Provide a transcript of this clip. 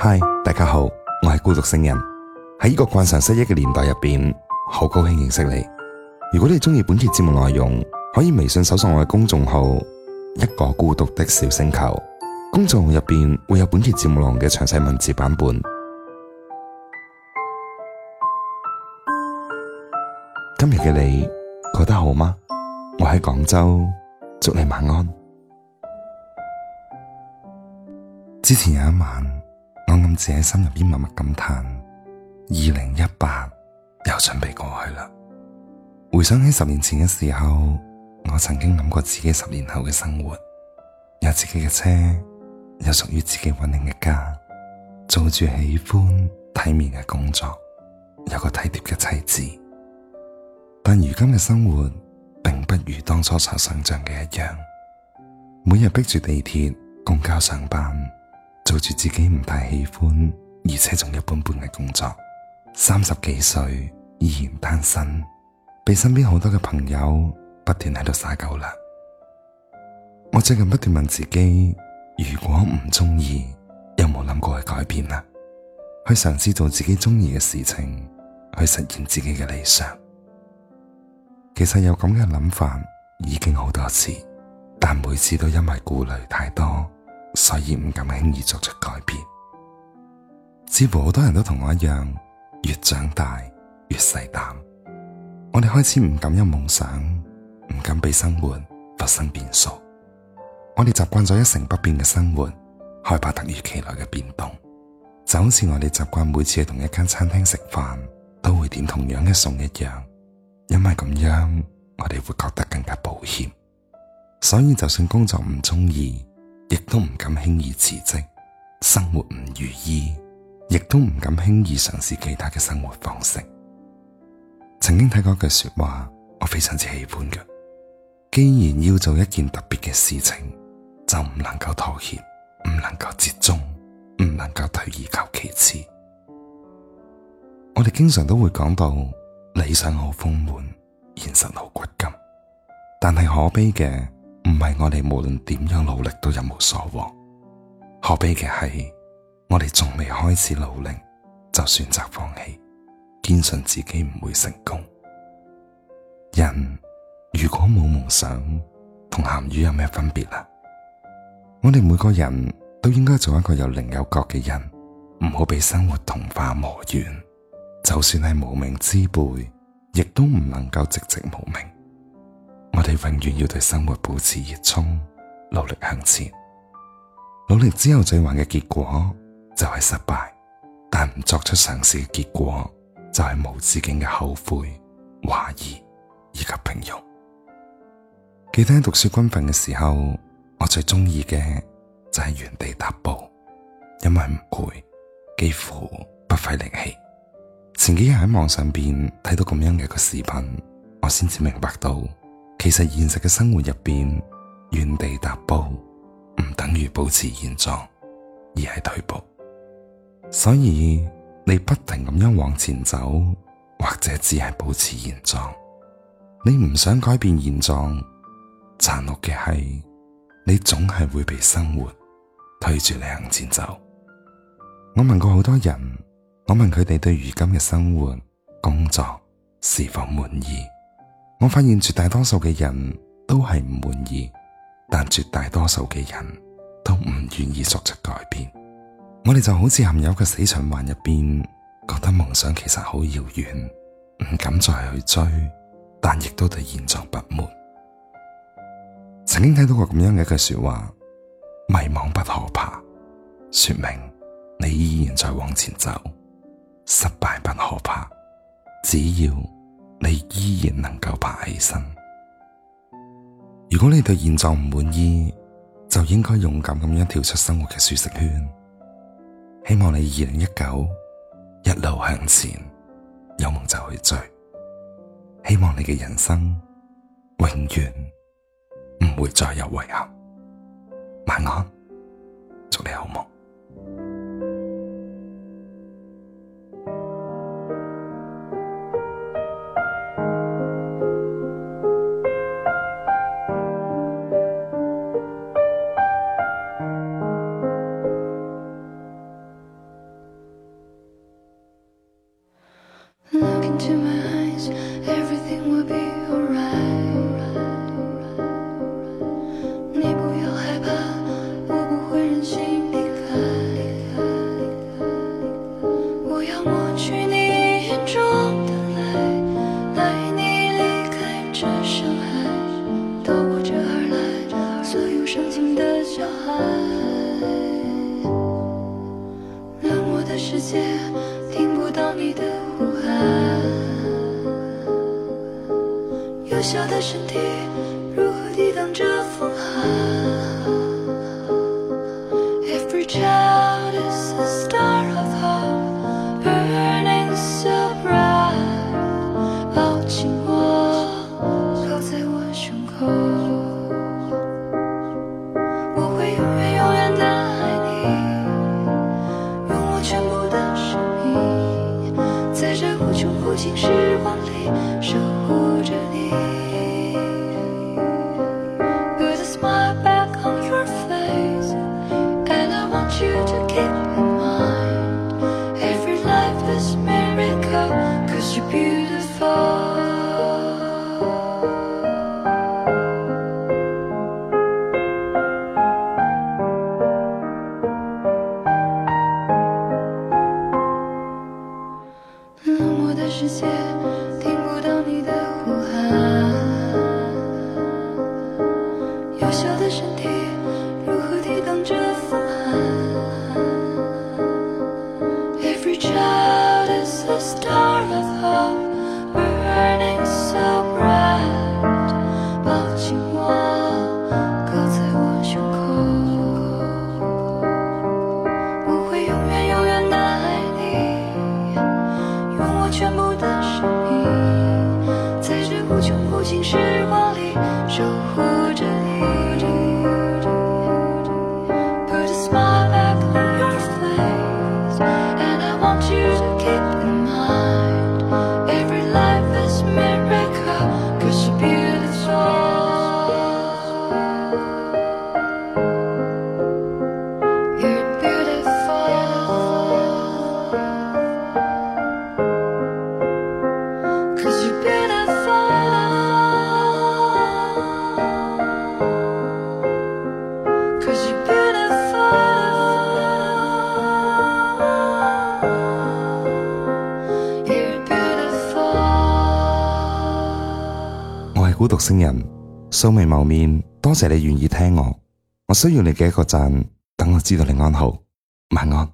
嗨，Hi，大家好，我係孤獨星人。喺呢個慣常失憶嘅年代入邊，好高興認識你。如果你中意本期節目內容，可以微信搜索我嘅公眾號一個孤獨的小星球。公眾號入邊會有本期節目郎嘅詳細文字版本。今日嘅你覺得好嗎？我喺廣州，祝你晚安。之前有一晚。自喺心入邊默默感嘆，二零一八又準備過去啦。回想起十年前嘅時候，我曾經諗過自己十年後嘅生活，有自己嘅車，有屬於自己穩定嘅家，做住喜歡體面嘅工作，有個體貼嘅妻子。但如今嘅生活，並不如當初所想象嘅一樣，每日逼住地鐵、公交上班。做住自己唔太喜歡，而且仲一般般嘅工作，三十幾歲依然單身，被身邊好多嘅朋友不斷喺度晒狗糧。我最近不斷問自己，如果唔中意，有冇諗過去改變啊？去嘗試做自己中意嘅事情，去實現自己嘅理想。其實有咁嘅諗法已經好多次，但每次都因為顧慮太多。所以唔敢輕易作出改變，似乎好多人都同我一樣，越長大越細膽。我哋開始唔敢有夢想，唔敢俾生活發生變數。我哋習慣咗一成不變嘅生活，害怕突如其來嘅變動，就好似我哋習慣每次喺同一間餐廳食飯都會點同樣嘅餸一樣。因為咁樣，我哋會覺得更加保險。所以，就算工作唔中意。亦都唔敢輕易辭職，生活唔如意，亦都唔敢輕易嘗試其他嘅生活方式。曾經睇過句說話，我非常之喜歡嘅。既然要做一件特別嘅事情，就唔能夠妥協，唔能夠折中，唔能夠退而求其次。我哋經常都會講到理想好豐滿，現實好骨感，但係可悲嘅，唔係我哋無論點樣努力都一無所獲，可悲嘅係我哋仲未開始努力就選擇放棄，堅信自己唔會成功。人如果冇夢想，同鹹魚有咩分別啊？我哋每個人都應該做一個有靈有覺嘅人，唔好俾生活同化磨圓。就算係無名之輩，亦都唔能夠寂寂無名。我哋永遠要對生活保持熱衷，努力向前。努力之後最壞嘅結果就係失敗，但唔作出嘗試嘅結果就係無止境嘅後悔、懷疑以及平庸。記得喺讀書軍訓嘅時候，我最中意嘅就係原地踏步，因為唔攰，幾乎不費力氣。前幾日喺網上邊睇到咁樣嘅一個視頻，我先至明白到。其實現實嘅生活入邊，原地踏步唔等於保持現狀，而係退步。所以你不停咁樣往前走，或者只係保持現狀，你唔想改變現狀，殘酷嘅係你總係會被生活推住你向前走。我問過好多人，我問佢哋對如今嘅生活、工作是否滿意？我發現絕大多數嘅人都係唔滿意，但絕大多數嘅人都唔願意作出改變。我哋就好似含有個死循環入邊，覺得夢想其實好遙遠，唔敢再去追，但亦都對現狀不滿。曾經睇到過咁樣嘅一句說話：迷茫不可怕，說明你依然在往前走；失敗不可怕，只要，你依然能夠爬起身。如果你對現狀唔滿意，就應該勇敢咁樣跳出生活嘅舒適圈。希望你二零一九一路向前，有夢就去追。希望你嘅人生永遠唔會再有遺憾。晚安，祝你好夢。世界聽不到你的呼喊，幼 小的身體。心事。孤獨星人，素未謀面，多謝你願意聽我。我需要你嘅一個讚，等我知道你安好。晚安。